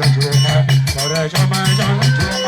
上去看，跑来上班上去看。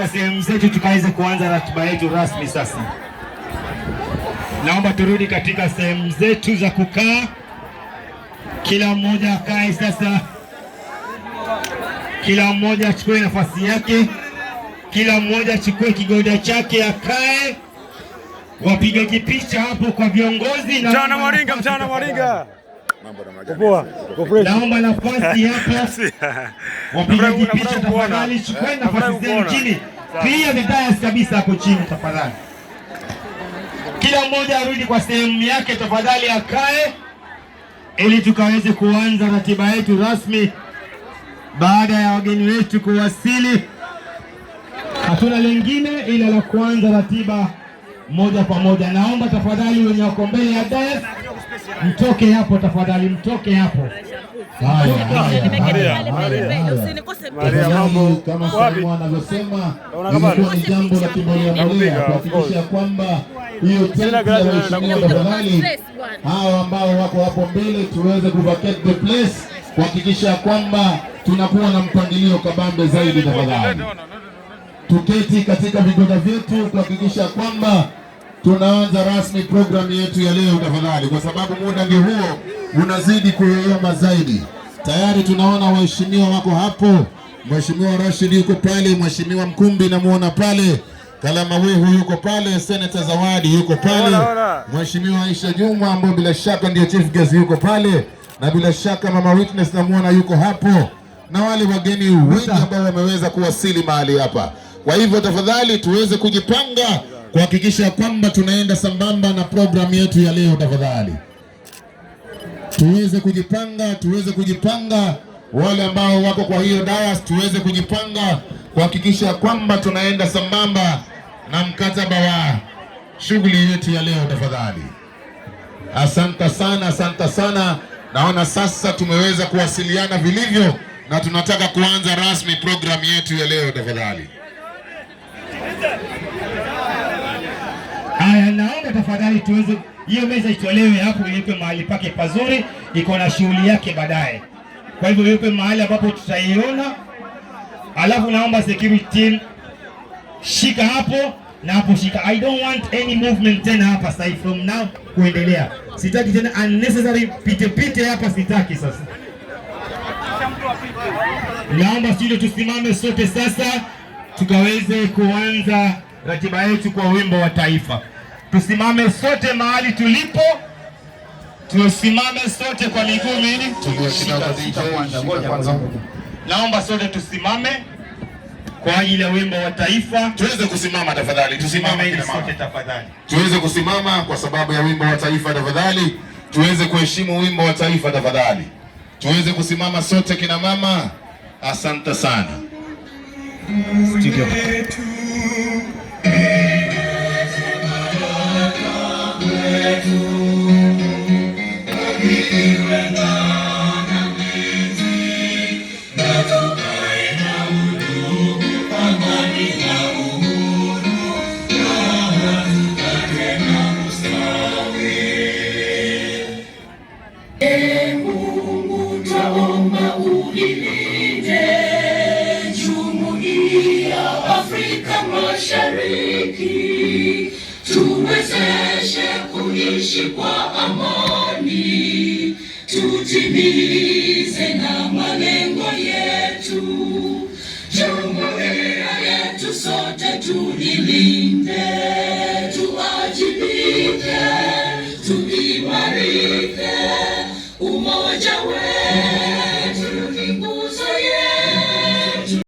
katika sehemu zetu tukaweze kuanza ratiba yetu rasmi. Sasa naomba turudi katika sehemu zetu za kukaa, kila mmoja akae sasa, kila mmoja achukue nafasi yake, kila mmoja achukue kigoda chake akae. Wapigaji kipicha hapo kwa viongozi na mchana Maringa, mchana Maringa. Mambo na Poa. Naomba nafasi hapa. Wapigaji picha tafadhali, chukua eh, nafasi zenu chini. Clear the kabisa hapo chini tafadhali. Kila mmoja arudi kwa sehemu yake tafadhali, akae ili tukaweze kuanza ratiba yetu rasmi baada ya wageni wetu kuwasili. Hatuna lingine ila la kuanza ratiba moja kwa moja. Naomba tafadhali wenye wako mbele ya dais Mtoke hapo tafadhali, mtoke hapo. Kama Salimu anavyosema, ilikuwa ni jambo la kiboria kuhakikisha kwamba hiyo tenti ya waheshimiwa, tafadhali hao ambao wako hapo mbele tuweze ku vacate the place kuhakikisha kwamba tunakuwa na mpangilio kabambe zaidi. Tafadhali tuketi katika vigoda vyetu kuhakikisha kwamba Tunaanza rasmi programu yetu ya leo tafadhali, kwa sababu muda ndio huo unazidi kuyoyoma zaidi. Tayari tunaona waheshimiwa wako hapo, Mheshimiwa Rashid yuko pale, Mheshimiwa Mkumbi namuona pale, Kalamawihu yuko pale, Seneta Zawadi yuko pale, Mheshimiwa Aisha Jumwa ambaye bila shaka ndio chief guest yuko pale, na bila shaka Mama Witness namuona yuko hapo, na wale wageni wengi ambao wameweza kuwasili mahali hapa. Kwa hivyo tafadhali tuweze kujipanga kuhakikisha kwamba tunaenda sambamba na programu yetu ya leo. Tafadhali tuweze kujipanga, tuweze kujipanga, wale ambao wako kwa hiyo dayas, tuweze kujipanga kuhakikisha kwamba tunaenda sambamba na mkataba wa shughuli yetu ya leo. Tafadhali, asante sana, asante sana. Naona sasa tumeweza kuwasiliana vilivyo na tunataka kuanza rasmi programu yetu ya leo. Tafadhali. Haya, naomba tafadhali tuweze hiyo meza itolewe hapo, iwekwe mahali pake pazuri, iko na shughuli yake baadaye. Kwa hivyo iwekwe mahali ambapo tutaiona, alafu naomba security team shika hapo na hapo shika. I don't want any movement tena hapa sasa from now kuendelea, sitaki tena unnecessary pite pite hapa, sitaki sasa. Naomba studio tusimame sote sasa tukaweze kuanza ratiba yetu kwa wimbo wa taifa. Tusimame sote mahali tulipo, tusimame sote kwa miguu miwili. Naomba sote tusimame kwa ajili ya wimbo wa taifa. Tuweze kusimama tafadhali, tusimame sote tafadhali, tuweze kusimama kwa sababu ya wimbo wa taifa tafadhali, tuweze kuheshimu wimbo wa taifa tafadhali, tuweze kusimama sote kina mama. Asante sana Studio. Afrika Mashariki tuwezeshe tuishi kwa amani tutimi